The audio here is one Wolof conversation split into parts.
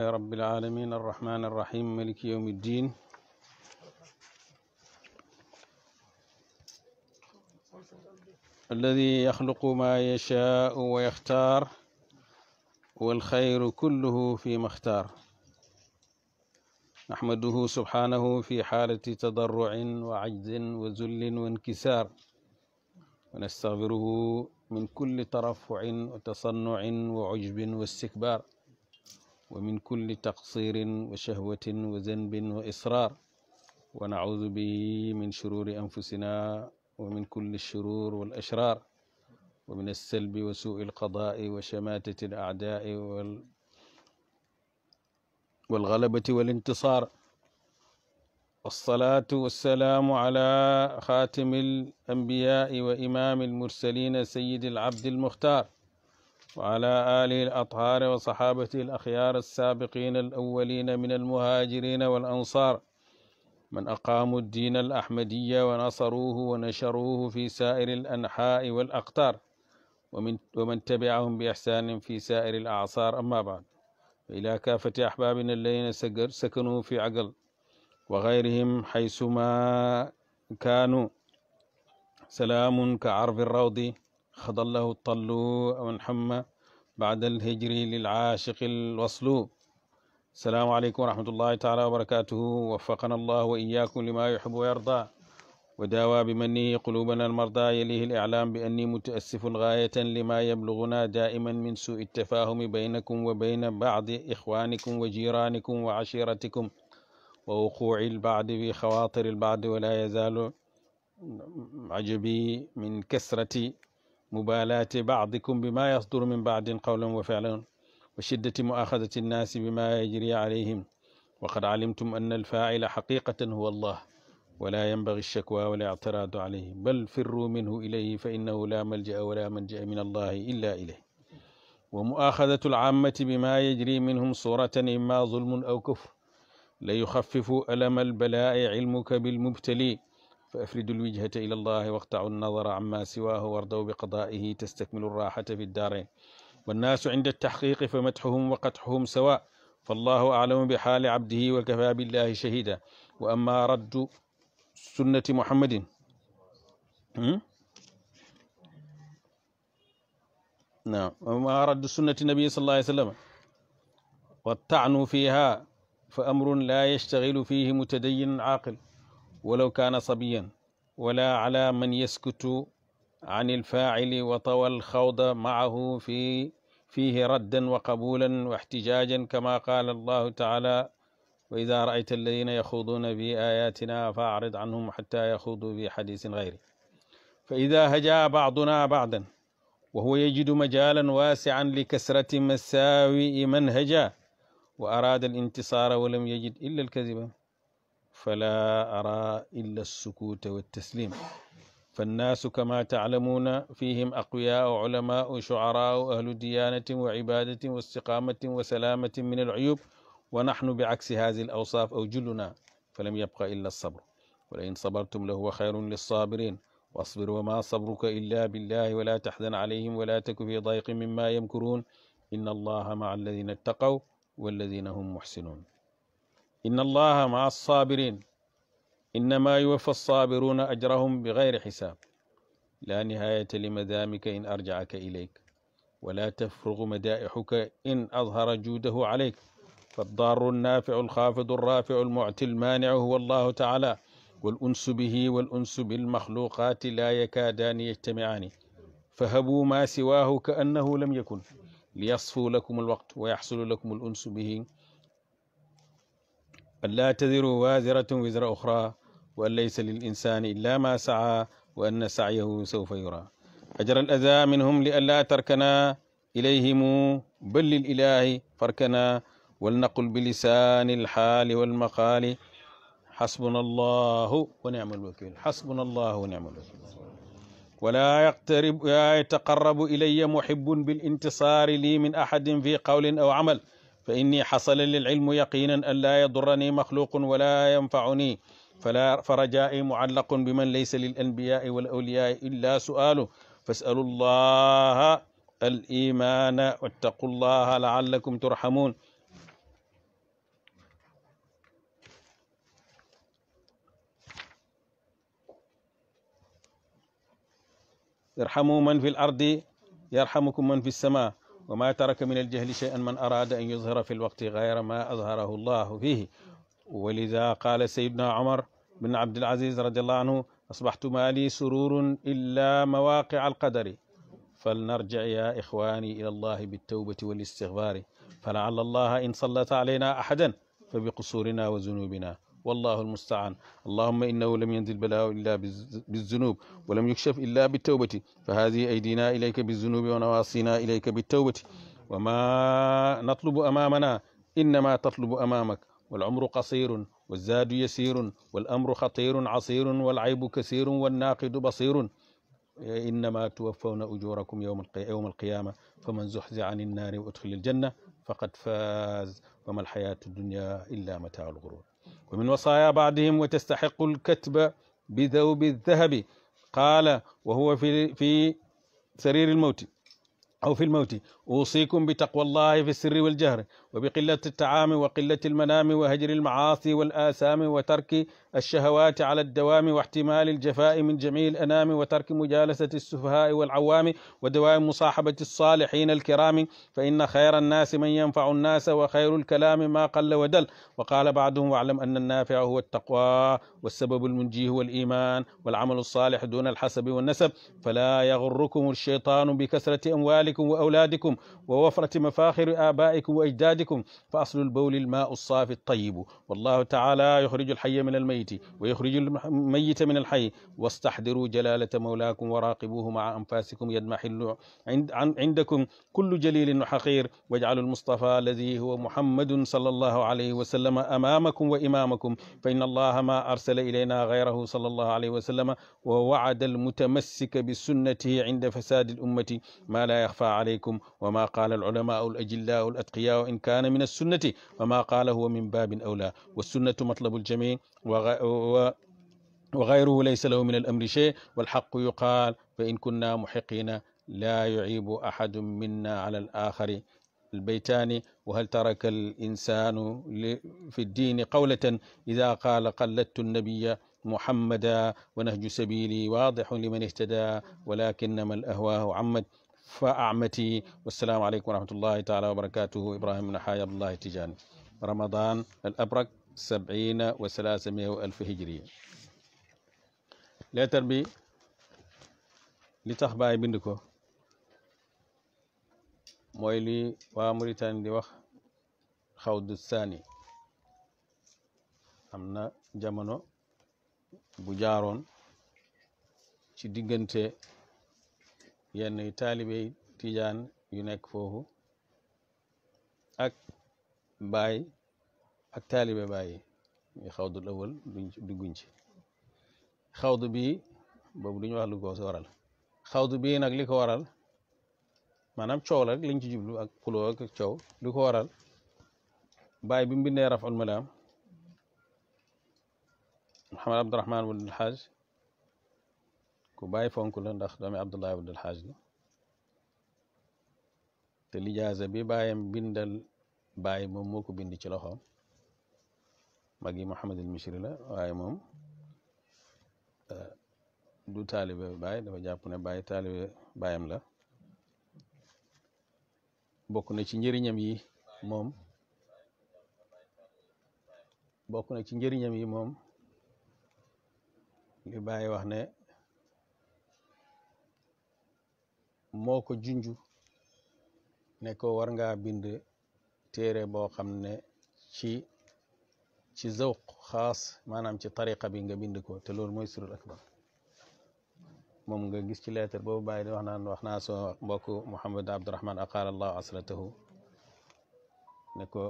رب العالمين الرحمن الرحيم ملك يوم الدين الذي يخلق ما يشاء ويختار والخير كله فيما اختار نحمده سبحانه في حالة تضرع وعجز وذل وانكسار ونستغفره من كل ترفع وتصنع وعجب واستكبار ومن كل تقصير وشهوة وذنب وإصرار ونعوذ به من شرور أنفسنا ومن كل الشرور والأشرار ومن السلب وسوء القضاء وشماتة الأعداء وال والغلبة والانتصار والصلاة والسلام على خاتم الأنبياء وإمام المرسلين سيد العبد المختار وعلى آله الأطهار وصحابته الأخيار السابقين الأولين من المهاجرين والأنصار من أقاموا الدين الأحمدية ونصروه ونشروه في سائر الأنحاء والأقطار ومن, ومن تبعهم بإحسان في سائر الأعصار أما بعد إلى كافة أحبابنا الذين سكنوا في عقل وغيرهم حيثما كانوا سلام كعرف الروض xadallahu tallu aman hamma baada alhijri lilcaashiqi alwaslu asalaamu aleykum wa rahmatullahi taala wa barakatuhu wafaqana allah wa iyaakum lima yuxibu wa yarda wa daawa bimanihi qulubana almarda yalihi aliclaam bi anni mutaassifun gaayatan lima yabluguna daa'iman min suui tafaahumi baynakum wa bayna bacdi ixwaanikum wa jiiraanikum wa cashiiratikum wa wuquuci albacdi bi xawaatiri albacdi wala yazaalu cajabi min kasrati mubaalaati bacdikum bimaa yasduru min bacdin qawlan wa ficlan wa shiddati muaaxadati nnaasi bimaa yajri calayhim waqad calimtum anna alfaacila xaqiiqatan huwa allah wala yanbagi shakwa wala ictiraadu calayhi bal firruu minhu ilayhi fa innahu laa malja'a wala manja'a min allahi illa ilayh wa muaaxadatu alcaammati bimaa yajri minhum suuratan imma zulmun aw kufr la yuxaffifu alama albalaa'i cilmuka bilmubtali fa afridu lwijhata ila allahi waxtau nnadara amma siwaahu wardaw biqadaa'ihi tastakmilu raaxata fi ddaarayn wannaasu inda taxqiiqi fa matxuhum wa qatxuhum sawa fallahu aclamu bixaali cabdihi wa kafaa billahi shahida wa amma raddu sunnati muhammadin naam amma raddu sunnati nabiyi sal allah alai sallam wa tacnu fiiha fa amrun laa yashtagilu fiihi mutadayinun caaqil walaw kaana sabiyan wala ala man yaskutu an alfaacili wa tawa alxawda macahu fi fiihi raddan wa qabulan wa ixtijaajan kama qaala allahu taala wa ida raayta alladina yaxuduuna bi aayaatina fa acrid canhum xata yaxuduu bi xadiisin gayri fa ida hajaa bacduna bacdan وهو يجد مجالا واسعا لكسرة مساوئ من هجا وأراد الانتصار ولم يجد إلا الكذب فلا أرى إلا السكوت والتسليم فالناس كما تعلمون فيهم أقوياء علماء شعراء أهل ديانة وعبادة واستقامة وسلامة من العيوب ونحن بعكس هذه الأوصاف أو جلنا فلم يبق إلا الصبر ولئن صبرتم لهو خير للصابرين واصبر وما صبرك إلا بالله ولا تحزن عليهم ولا تك في ضيق مما يمكرون إن الله مع الذين اتقوا والذين هم محسنون inna allaha maa alsaabirin innama yuwaffa alsaabiruuna ajrahum bi gayri xisaab laa nihaayata limadaamika in arjacaka ilayk wala tafrugu madaaixuka in adhara juudahu calayk faddaaru annaaficu alxaafidu alraaficu almucti almaanicu huwa allahu tacaala والأنس به والأنس بالمخلوقات لا يكادان يجتمعان فهبوا ما سواه كأنه لم يكن ليصفوا لكم الوقت ويحصل لكم الأنس به an laa taziru waaziratun wizra uxra wa an laysa lil insaani illa ma sa'a wa anna sa'yahu sawfa yura ajra al aza minhum li an laa tarkana ilayhimu bal lil ilaahi farkana wal naqul bi lisaani al xaali wal maqaali xasbuna allahu wa nicma alwakil xasbuna allahu wa nicma alwakil ولا يقترب يتقرب إلي محب بالانتصار لي من أحد في قول أو عمل fa inni xasala lil ilmu yaqinan an laa yadurrani maxluqun wala yanfacuni fala fa rajai mucallaqun biman laysa lil anbiyai wal awliyai illa su'alu fasalu llaha al imana wattaqu llaha laallakum turhamun irhamu man fi l ardi yarhamukum man fi sama wa maa taraka min aljahli cheyan man araada an yuzhara fi lwaqti gayra ma azharahu llahu fihi walida qaala sayidna omar bin abdulaziz radiallahu anhu asbaxtu maa li sururun illa mawaqia alqadari فلنرجع يا إخواني إلى الله بالتوبة والاستغفار فلعل الله إن سلط علينا أحدا فبقصورنا وذنوبنا والله المستعان اللهم إنه لم ينزل بلاء إلا بالذنوب ولم يكشف إلا بالتوبة فهذه أيدينا إليك بالذنوب ونواصينا إليك بالتوبة وما نطلب أمامنا إنما تطلب أمامك والعمر قصير والزاد يسير والأمر خطير عصير والعيب كثير والناقد بصير إنما توفون أجوركم يوم يوم القيامة فمن زحزح عن النار وأدخل الجنة فقد فاز وما الحياة الدنيا إلا متاع الغرور ومن وصايا بعضهم وتستحق الكتب بذوب الذهب قال وهو في في سرير الموت أو في الموت أوصيكم بتقوى الله في السر والجهر وبقلة الطعام وقلة المنام وهجر المعاصي والآثام وترك الشهوات على الدوام واحتمال الجفاء من جميع الأنام وترك مجالسة السفهاء والعوام ودوام مصاحبة الصالحين الكرام فإن خير الناس من ينفع الناس وخير الكلام ما قل ودل وقال بعضهم واعلم أن النافع هو التقوى والسبب المنجي هو الإيمان والعمل الصالح دون الحسب والنسب فلا يغركم الشيطان بكثرة أموالكم وأولادكم ووفرة مفاخر آبائكم وأجدادكم أحدكم فأصل البول الماء الصافي الطيب والله تعالى يخرج الحي من الميت ويخرج الميت من الحي واستحضروا جلالة مولاكم وراقبوه مع أنفاسكم يدمحل عندكم كل جليل وحقير واجعلوا المصطفى الذي هو محمد صلى الله عليه وسلم أمامكم وإمامكم فإن الله ما أرسل إلينا غيره صلى الله عليه وسلم ووعد المتمسك بسنته عند فساد الأمة ما لا يخفى عليكم وما قال العلماء الأجلاء الأتقياء إن كان kaana min assunnati wa maa qaala huwa min baabin awlaa wassunnatu matlabu aljamii wa wa gayruhu laysa lahu min al amri shay walxaqu yuqaal fa in kunna muxiqiina laa yuciibu axadu minna ala al aaxari البيتان وهل ترك الإنسان في الدين قولة إذا قال قلدت النبي محمدا ونهج سبيلي واضح لمن اهتدى ولكنما الأهواه عمد fa amati wassalaamu aleykum wa rahmatullahi taala wa barakatuhu ibrahima ibn haay abdullahi tijani ramadan al abrak sabina wa salaasamia wa alf hijriya leetar bi li tax baay bind ko mooy li waa Mauritanie di wax xawdu saani am na jamono bu jaaroon ci diggante yenn taalibe tijaan yu nekk foofu ak baay ak taalibe baay yi xawdul awal duñ dugguñ ci xawdu bii boobu duñu wax lu waral xawdu bii nag li ko waral maanaam coow la ci jublu ak xuloo ak coow li ko waral baay bi mu bindee raful malaam Muhammad Abdurahman Wul Hajj ku bàyyi fonk la ndax doomi abdullahi abdul te lijaasa bi bàyyam bindal bàyyi moom moo ko bind ci loxoom mag yi Mouhamadul Misri la waaye moom euh, du taalibe bàyyi dafa jàpp ne bàyyi taalibe bàyyam la bokk na ci njëriñam yi moom bokk na ci njëriñam yi moom li bàyyi wax moo ko junj ne ko war ngaa bind téere boo xam ne ci ci zawq xaas maanaam ci tariqa bi nga bind ko te loolu mooy surul akbar moom nga gis ci lettre boobu bàyyi di wax naan wax naa soo mbokku Muhammad Abdurahman aqaal allahu asratahu ne ko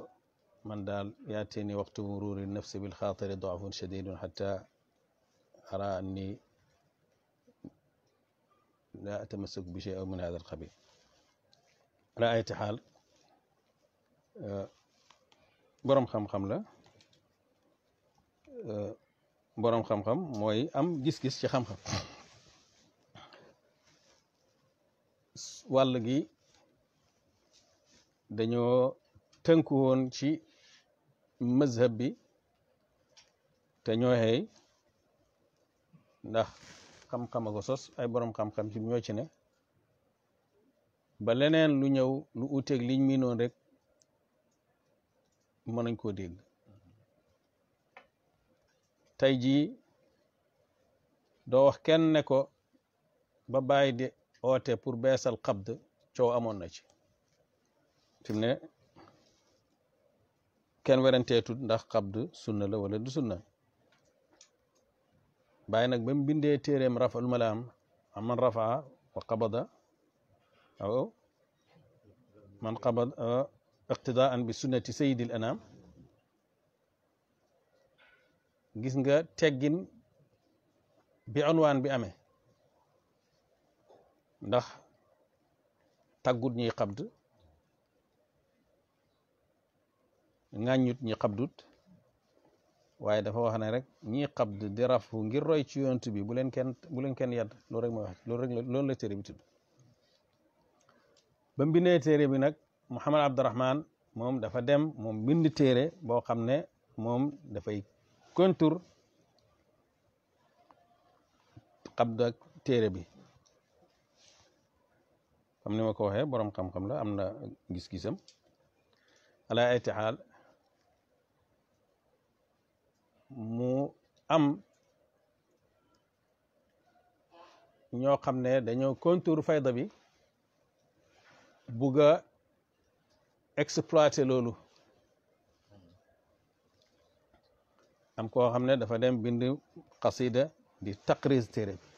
man daal yaatini waxtu muruuri nafsi bil xaatiri daafun shadidun xata ara anni laa atamassuk bi shay aw min hada alxabil ala ayati xaal boroom xam-xam la boroom xam-xam mooy am gis-gis ci xam-xam wàll gi dañoo tënku woon ci mazhab bi te ñoo xëy ndax xam-xam a ko sos ay borom xam-xam ci ñoo ci ne ba leneen lu ñëw lu uteeg liñ miinoon rek mën nañ koo dégg tey jii doo wax kenn ne ko ba bàyyi di oote pour beesal xabd coow amoon na ci fi mu ne kenn weranteetut ndax xabd sunna la wala du sunna bàyyi nag ba mu bindee téeréem rafal malaam man rafaa wa qabada aw man qabada uh, iqtidaan bi sunnati sayidil anam gis nga teggin bi unwaan bi ame ndax taggut ñiy xabd ŋàññut ñi xabdut waaye dafa wax ne rek ñii xabd di rafu ngir roy ci yonent bi bu leen kenn bu leen kenn yedd loolu rek mooy wax loolu rek loolu la téere bi tudd ba mbindee téere bi nag Muhammad Abdurahman moom dafa dem moom bind téere boo xam ne moom dafay kontur xabd ak téere bi comme ni ma ko waxee borom xam la am na gis-gisam ala ay xaal mu am ñoo xam ne dañoo contour fayda bi bugg a exploiter loolu am koo xam ne dafa dem bind xasida di taqriz téere bi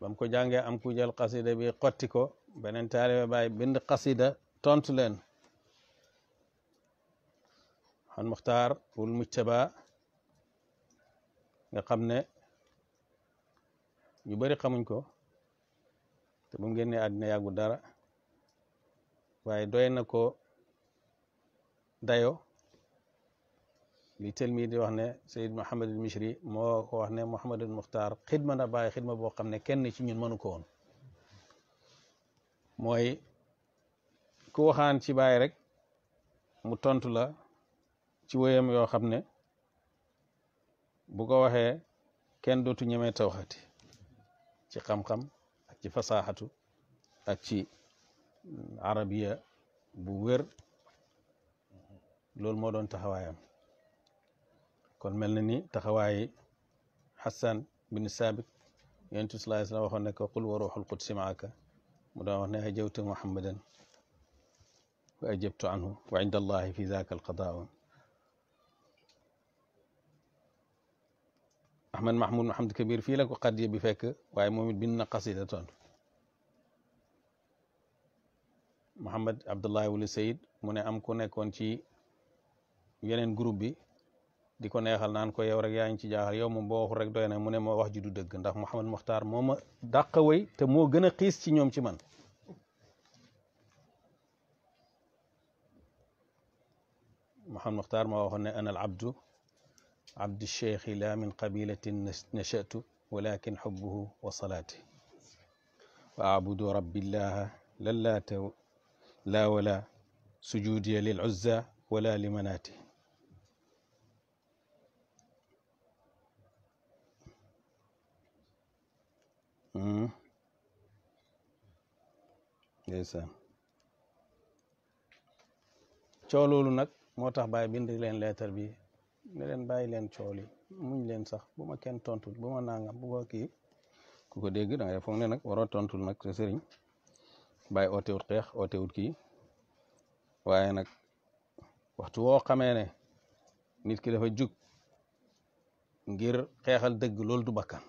bam ko jàngee am ku jël xasida bi xotti ko beneen taalibe baay bind xasida tontu leen xan muxtaar wul mujtaba nga xam ne ñu bari xamuñ ko te bu mu génnee àddina yàggu dara waaye doy na ko dayo li telmi di wax ne Seyyid Mohamed al Mishri moo ko ne Mohamed al Muxtaar xidma na bàyyi xidma boo xam ne kenn ci ñun manu ko woon mooy ku waxaan ci bàyyi rek mu tontu la ci wéyam yoo xam ne bu ko waxee kenn dootu ñemee tawxati ci xam-xam ak ci fasaxatu ak ci arabiya bu wér loolu moo doon taxawaayam kon mel na ni taxawaayi xasan bin saabit yonent bi sallallahu alayhi ko qul wa ruuxul maaka mu doon wax ne ajawtu muhammadan wa ajabtu anhu wa inda allahi fi zaaka alqadaa'u Ahmed Mahmoud Mahamad Kabir fii la ko xaddiya bi fekk waaye moom it bind na xasida toon Mohamed Abdullahi Wuli Sayid mu ne am ku nekkoon ci yeneen groupe bi di ko neexal naan ko yow rek yaa ngi ci jaaxal yow moom boo waxul rek doy na mu ne ma wax ju du dëgg ndax Mouhamed Mokhtar moo ma dàq way te moo gën a xiis ci ñoom ci man. Mouhamed Mokhtar moo waxoon ne ana al abdu abdi cheikhi la min qabilatin nachatu walakin xubbuhu wa salaati wa abudu rabbillaha lallaata laa wala sujuudiya lil uzza wala limanaati hmm. ndeysaan coo loolu nag moo tax baay bind leen leetar bi ne leen bàyyi leen cool yi muñ leen sax bu ma kenn tontul bu ma nangam bu ma kii ku ko dégg da ngay foog ne nag waroo tontul nag sa sëriñ bàyyi ootewut xeex ootewut kii waaye nag waxtu woo xamee ne nit ki dafa jug ngir xeexal dëgg loolu du bakkan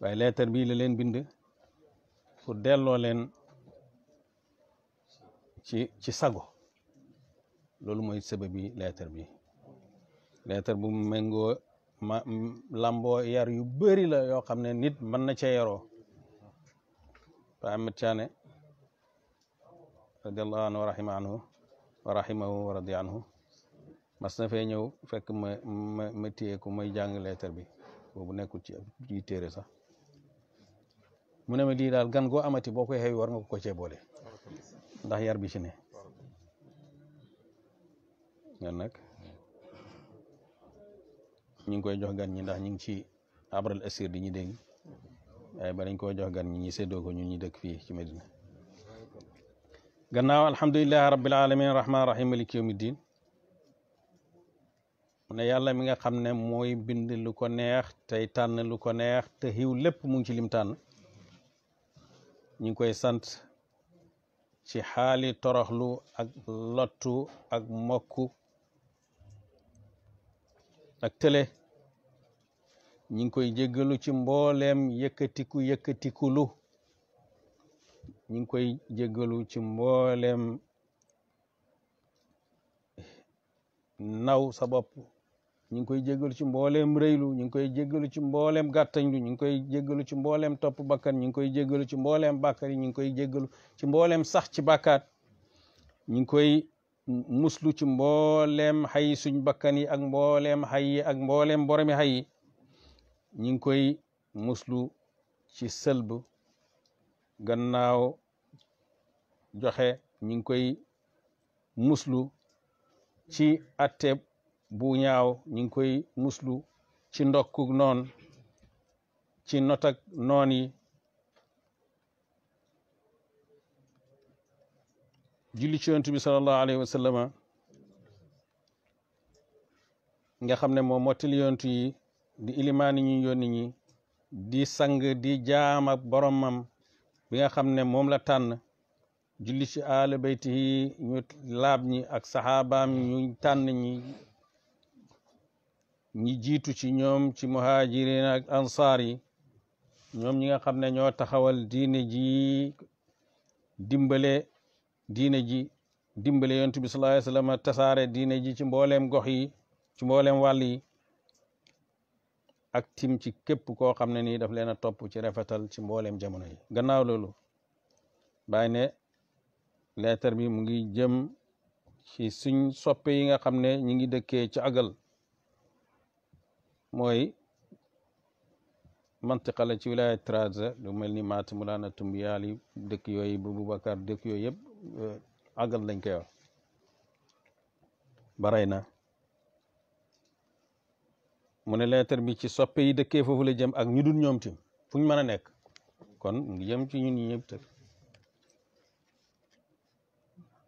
waaye leetar bii la leen bind pour delloo leen ci ci sago loolu mooy sababi leetar bi leetar bu méngoo ma yar yu bari la yoo xam ne nit mën na ca yaroo fa amat caane radiallahu anhu wa rahima anhu wa rahimahu wa radi anhu mas fee ñëw fekk ma ma ma téye ko may jàng leetar bi boobu nekkul ci ci téere sax mu ne ma lii daal gan goo amati boo koy xew war nga ko cee boole ndax yar bi ci ne kon nag ñu ngi koy jox gan ñi ndax ñu ngi ci abral asir di ñu dégg waaye ba dañ koy jox gan ñi ñi séddoo ko ñu ñu dëkk fii ci Medina gannaaw alhamdulilahi rabbil alamin rahman rahim maliki yawmi ne yàlla mi nga xam ne mooy bind lu ko neex tey tànn lu ko neex te xiw lépp mu ngi ci lim tànn ñu ngi koy sant ci xaali toroxlu ak lottu ak mokku ak tële ñi ngi koy jéggalu ci mbooleem yëkkatiku yëkkatikulu ñi ngi koy jéggalu ci mbooleem naw sa bopp ñi ngi koy jéggalu ci mbooleem rëylu ñi ngi koy jéggalu ci mbooleem gàttañlu ñi ngi koy jéggalu ci mbooleem topp bakkan ñi ngi koy jéggalu ci mbooleem bàkkaar yi ñi ngi koy jéggalu ci mbooleem sax ci bàkkaat ñi ngi koy muslu ci mbooleem xay suñ bakkan yi ak mbooleem xay ak mboolem boromi xay yi ñi ngi koy muslu ci sëlb gannaaw joxe ñi ngi koy muslu ci atte bu ñaaw ñi ngi koy muslu ci ndokku noon ci notak noon yi julli ci yonent alayhi wa sallam nga xam ne moo mottali yonent yi di ilimaani ñuy yónni ñi di sang di jaam ak boromam bi nga xam ne moom la tànn julli ci aale yi ñu laab ñi ak saxaabaam ñu tànn ñi ñi jiitu ci ñoom ci muhajirin ak ansaar yi ñoom ñi nga xam ne ñoo taxawal diine ji dimbale diine ji dimbale yontu bi sallallahu alayhi tasaare diine ji ci mbooleem gox yi ci mbooleem wàll yi ak tim ci képp koo xam ne nii daf leen a topp ci rafetal ci mbooleem jamono yi gannaaw loolu bàyyi ne lettre bi mu ngi jëm ci suñ soppe yi nga xam ne ñi ngi dëkkee ci agal mooy mantiqa la ci wilaya Trarza lu mel ni Maata Mulaana Tumbiyaali dëkk yooyu bu Boubacar dëkk yooyu yëpp Euh, àggal lañ koy wax ba rey na mu ne lettre bi ci soppe yi dëkkee foofu la jëm ak ñu dul ñoom tim fu ñu mën a nekk kon mu ngi jëm ci ñun ñëpp tëg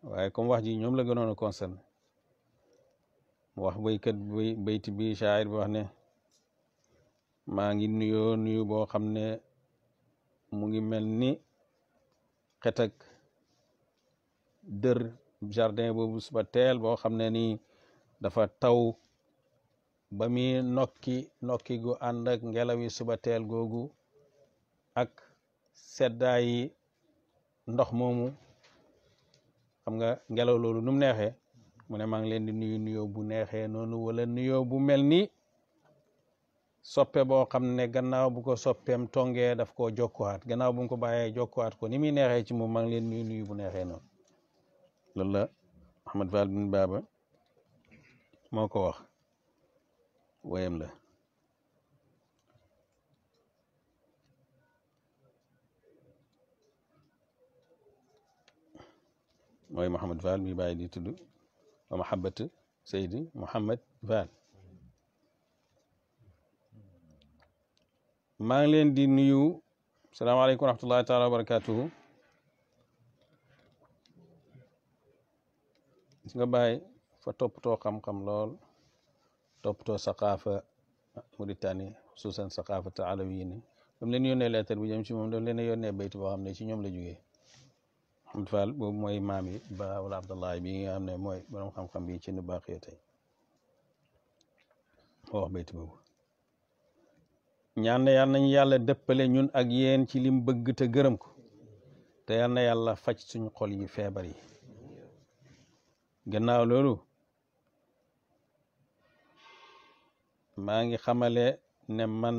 waaye comme wax ji ñoom la gënoon a concerné mu wax béykat bay bayti bi shaayir bi wax ne maa ngi nuyoo nuyu boo xam ne mu ngi mel ni xetak dër jardin boobu suba teel boo xam ne nii dafa taw ba muy nokki nokki gu ànd ak ngelaw yi suba teel googu ak seddaayi ndox moomu xam nga ngelaw loolu nu mu neexee mu ne maa leen di nuyu nuyoo bu neexee noonu wala nuyoo bu mel ni soppe boo xam ne gannaaw bu ko soppeem tongee daf koo jokkuwaat gannaaw bu mu ko bàyyee jokkuwaat ko ni muy neexee ci moom maa ngi leen nuyu bu neexee noonu loolu la Ahmad Fall bin Baba moo ko wax woyam la mooy Mouhamed Fall mi bàyyi di tudd wa mahabbatu Seydi Mouhamed Fall maa ngi leen di nuyu salaamaaleykum wa rahmatullahi taala wa barakatuhu gis nga bàyyi fa toppatoo xam-xam lool toppatoo saqaafa Mauritanie xususan saqaafa te alawi ne dam leen yónnee leetar bi jëm ci moom daf leen yónnee bayt boo xam ne ci ñoom la jógee Faal boobu mooy maam yi ba wala Abdallahi bi nga xam ne mooy borom xam-xam bi ci nu baax yo tey moo wax bayt boobu ñaan na yàlla nañu yàlla dëppale ñun ak yéen ci lim bëgg te gërëm ko te yàlla na yàlla faj suñu xol yi feebar yi gannaaw loolu maa ngi xamale ne man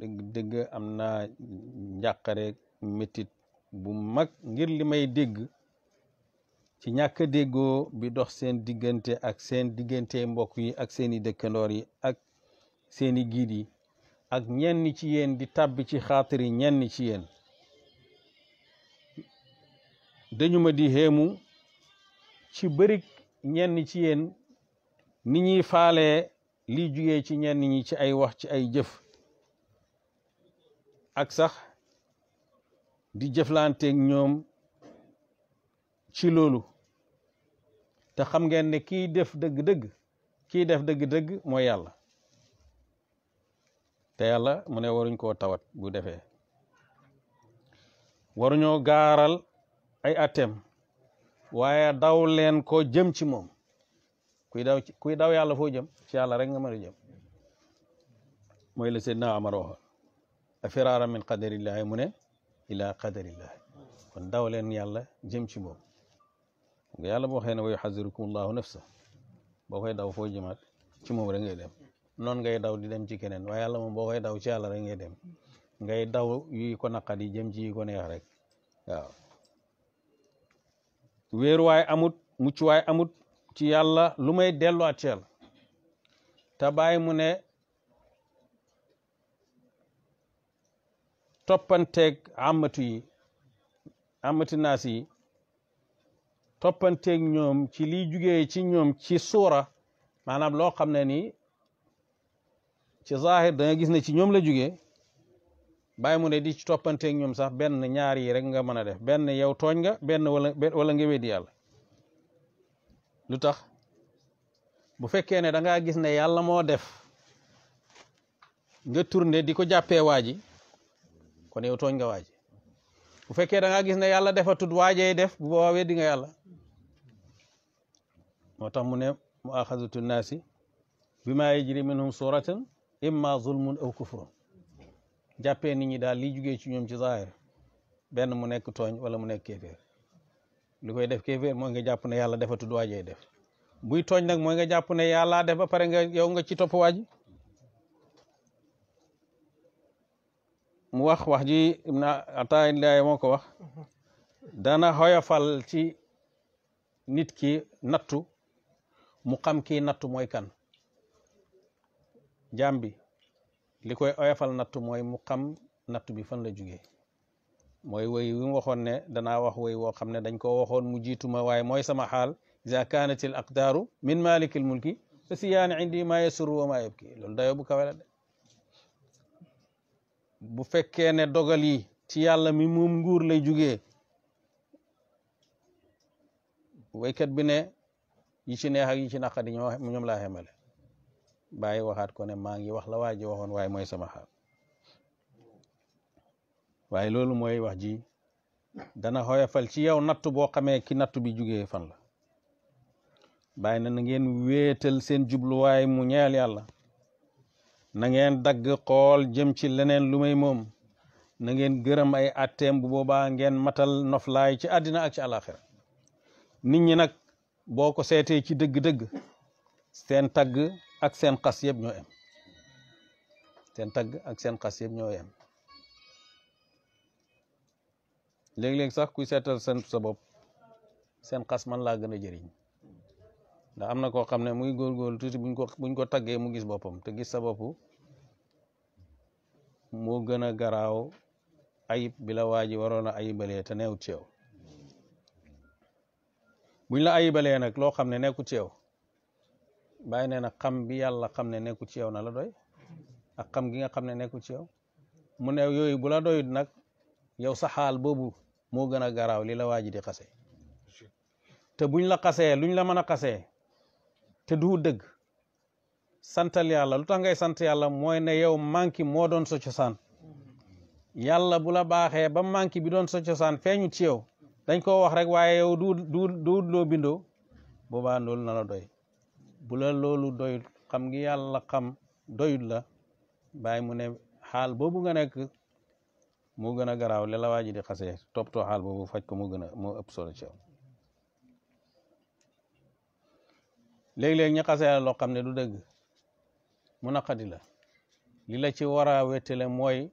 dëgg-dëgg am na njàqare métit bu mag ngir li may dégg ci ñàkk déggoo bi dox seen diggante ak seen diggante mbokk yi ak seeni dëkkandoor yi ak seeni giid ak ñenn ci yéen di tàbbi ci xaatir yi ñenn ci yéen dañu ma di xéemu ci bërik ñenn ci yéen ni ñuy faalee liy jugee ci ñenn ñi ci ay wax ci ay jëf ak sax di jëflanteeg ñoom ci loolu te xam ngeen ni ki def dëgg-dëgg kiy def dëgg-dëgg mooy yàlla te yàlla mu ne waruñ koo tawat bu defee waruñoo gaaral ay atem waaye daw leen ko jëm ci moom kuy daw kuy daw yàlla foo jëm ci yàlla rek nga mën a jëm mooy la Seydina Amar waxoon afiraara min qadarillahi mu ne ila qadarillahi kon daw leen yàlla jëm ci moom yàlla boo xëy ne wa yuxazirukum allahu nafsa boo koy daw foo jëmaat ci moom rek ngay dem noonu ngay daw di dem ci keneen waaye yàlla moom boo koy daw ci yàlla rek ngay dem ngay daw yi ko naqat yi jëm ci yi ko neex rek waaw wéeruwaay amut muccuwaay amut ci yàlla lu may delluwaat ci yàlla te bàyyi mu ne toppanteeg amatu yi amati naas yi toppanteeg ñoom ci liy jugee ci ñoom ci suura maanaam loo xam ne ni ci zaahir da nga gis ne ci ñoom la jugee bàyyi mu ne di ci toppanteeg ñoom sax benn ñaar yi rek nga mën a def benn yow tooñ nga benn wala wala nga weddi yàlla lu tax bu fekkee ne da gis ne yàlla moo def nga tourné di ko jàppee waa ji kon yow tooñ nga waa bu fekkee da gis ne yàlla defa tut waajee def bu boobaa weddi nga yàlla moo tax mu ne mu axazatu naasi bi maa yajri minhum suratan imma zulmun aw kufrun jàppee nit ñi daal liy jugee ci ñoom ci zaahir benn mu nekk tooñ wala mu nekk kéeféer li koy def kéeféer mooy nga jàpp ne yàlla defatu du waajee def buy tooñ nag mooy nga jàpp ne yàllaa def ba pare nga yow nga ci topp waaji mu wax wax ji ibn Ataa'illaah moo ko wax dana xoyofal ci nit ki nattu mu xam kii nattu mooy kan jaam li koy oyofal natt mooy mu xam natt bi fan la jugee mooy woy wi mu waxoon ne danaa wax woy woo xam ne dañ koo waxoon mu ma waaye mooy sama xaal iza kanat al aqdaaru min malikil mulki fa siyaani indi maa yasuru wa maa yabki loolu bu kawe de bu fekkee ne dogal yi ci yàlla mi moom nguur lay jugee waykat bi ne yi ci neex ak yi ci naqadi ñoo ñoom laa xemale bàyyi waxaat ko ne maa ngi wax la waa ji waxoon waaye mooy sama xaal waaye loolu mooy wax ji dana xoyafal ci yow nattu boo xamee ki nattu bi jugee fan la bàyyi na na ngeen wéetal seen jubluwaay mu ñeel yàlla na ngeen dagg xool jëm ci leneen lu may moom na ngeen gërëm ay atteem bu boobaa ngeen matal noflaay ci àddina ak ci àlaxira nit ñi nag boo ko seetee ci dëgg-dëgg seen tagg ak seen xas yëpp ñoo yem seen tagg ak seen xas yëpp ñoo yem léeg-léeg sax kuy seetal seen sa bopp seen xas man laa gën a jëriñ ndax am na koo xam ne mu muy góorgóorlu tuuti buñ ko buñ ko taggee mu gis boppam te gis sa bopp moo gën a garaaw ayib bi la waa ji waroon a ayibalee te neewut ci yow buñ la ayibalee nag loo xam ne nekkut ci bàyyi nee na xam bi yàlla xam ne nekkul ci yow na la doy ak xam gi nga xam ne nekku ci mu ne yooyu bu la doyut nag yow sa xaal boobu moo gën a garaaw li la waa ji di xase te buñ la xasee luñ la mën a xasee te du dëgg santal yàlla lu tax ngay sant yàlla mooy ne yow manki moo doon sa cosaan yàlla bu la baaxee ba manki bi doon sa cosaan feeñu ci yow dañ koo wax rek waaye yow du du duut loo bindoo boobaa loolu na la doy bu la loolu doyut xam ngi yàlla xam doyut la bàyyi mu ne xaal boobu nga nekk moo gën a la waa ji di xasee toppatoo xaal boobu faj ko moo gën a moo ëpp solo ci yow léeg-léeg ñu xasee loo xam ne du dëgg mu naqadi la li la ci war a wettale mooy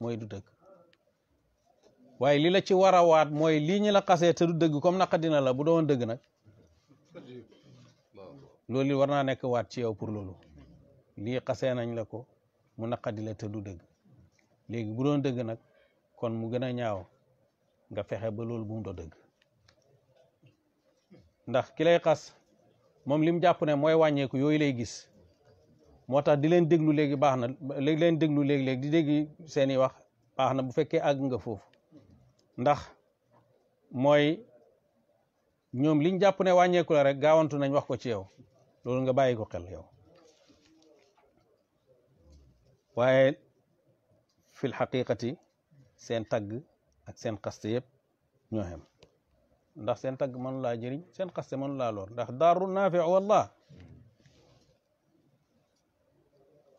mooy du dëgg waaye li la ci war a waat mooy li ñu la xasee te du dëgg comme naqadi na la bu doon dëgg nag loolu war naa nekk waat ci yow pour loolu lii xasee nañ la ko mu naqadi la te du dëgg léegi bu doon dëgg nag kon mu gën a ñaaw nga fexe ba loolu bu mu dëgg ndax ki lay xas moom li mu jàpp ne mooy wàññeeku yooyu lay gis moo tax di leen déglu léegi baax na leen déglu léegi-léegi di dégg seeni wax baax na bu fekkee àgg nga foofu ndax mooy ñoom liñ jàpp ne wàññeeku la rek gaawantu nañ wax ko ci yow loolu nga bàyyi ko xel yow waaye fil xaqiqati seen tagg ak seen xaste yëpp ñoo xem ndax seen tagg man laa jëriñ seen xaste mënu laa loor ndax daaru naafiu wallah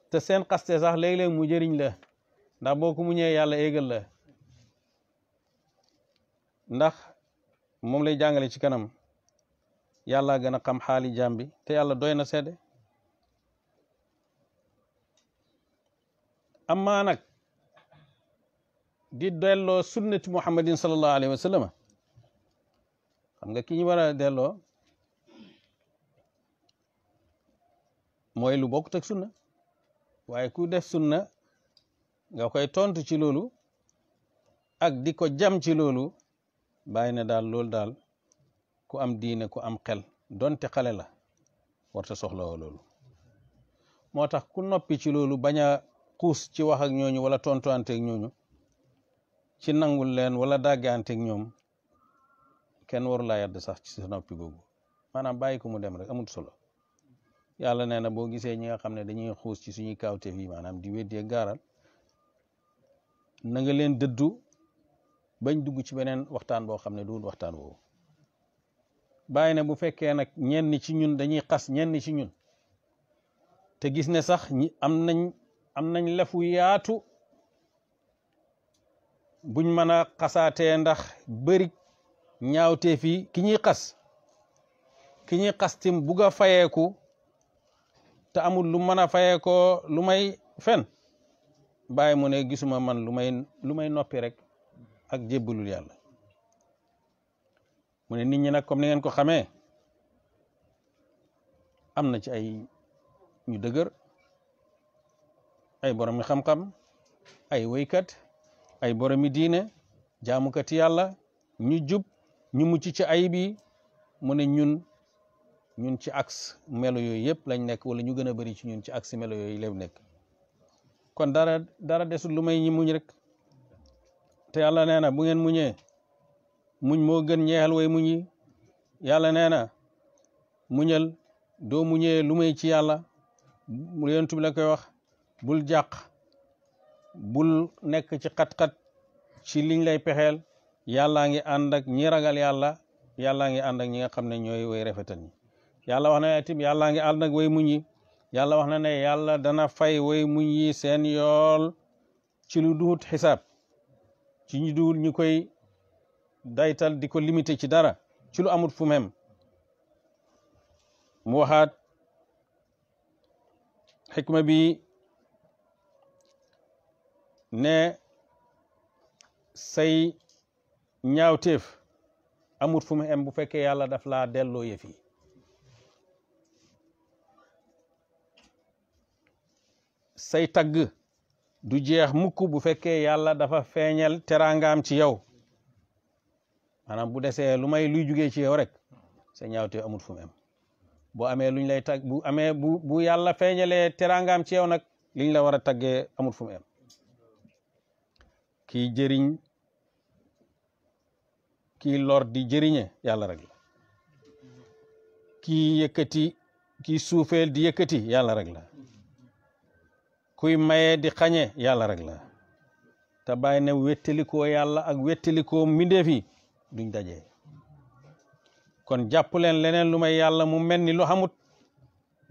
te seen xaste sax léeg-léeg mu jëriñ la ndax boo ko muñee yàlla éegal la ndax moom lay jàngale ci kanam yàlla gana a xam xaali te yàlla doy na seede amma nag di delloo sunnati muhammadin sallallahu alayhi wa sallam xam nga ki ñu war a delloo mooy lu bokkut ak sunna waaye ku def sunna nga koy tontu ci loolu ak di ko jam ci loolu bàyyi na daal loolu daal ku am diine ko am xel donte xale la warta soxlawoo loolu moo tax ku noppi ci loolu bañ a xuus ci wax ak ñooñu wala tontuwanteeg ñooñu ci nangul leen wala dàgganteeg ñoom kenn waru laa yàdd sax ci sa noppi googu maanaam bàyyi ko mu dem rek amul solo yàlla nee na boo gisee ñi nga xam ne dañuy xuus ci suñuy kawteef yi maanaam di weddee gaaral na nga leen dëddu bañ dugg ci beneen waxtaan boo xam ne duul waxtaan woowu bàyyi ne bu fekkee nag ñenn ci ñun dañuy xas ñenn ci ñun te gis ne sax am nañ am nañ lefu yaatu buñ mën a xasaatee ndax bëri ñaawtee fi ki ñuy xas ki ñuy xas tim bugg a fayeeku te amul lu mën a fayeekoo lu may fen bàyyi mu ne gisuma man lu may lu may noppi rek ak jébbalul yàlla mu ne nit ñi nag comme ni ngeen ko xamee am na ci ay ñu dëgër ay boromi xam-xam ay wéykat ay boromi diine jaamukati yàlla ñu jub ñu mucc ci ayib yi mu ne ñun ñun ci axe melo yooyu yëpp lañ nekk wala ñu gën a bari ci ñun ci axe melo yooyu lañ nekk kon dara dara desul lu may ñi muñ rek te yàlla nee na bu ngeen muñee muñ moo gën ñeexal way muñi yàlla nee na muñal doo muñee lu may ci yàlla yonent la koy wax bul jàq bul nekk ci xat-xat ci liñ lay pexeel yàllaa ngi ànd ak ñi ragal yàlla yàllaa ngi ànd ak ñi nga xam ne ñooy way rafetal ñi yàlla wax na ne tim yàllaa ngi ànd ak way muñ yi yàlla wax na ne yàlla dana fay woy muñ yi seen yool ci lu duhut xisaab ci ñu duhut ñu koy daytal di ko limité ci dara ci lu amul fu mu waxaat xikma bi ne say ñaawteef amul fu em bu fekkee yàlla daf laa delloo yëf say tagg du jeex mukk bu fekkee yàlla dafa feeñal teraangaam ci yow maanaam bu desee lu may luy jugee ci yow rek sa ñaawte amul fu mu am boo amee luñ lay tag bu amee bu bu yàlla feeñalee teraangaam ci yow nag liñ la war a taggee amul fu mu am kii jëriñ kii lor di jëriñe yàlla rek la kii yëkkati kii suufeel di yëkkati yàlla rek la kuy maye di xañe yàlla rek la te bàyyi ne wettalikoo yàlla ak wettalikoo mbindeef yi duñ daje kon jàpp leen leneen lu may yàlla mu mel ni lu amut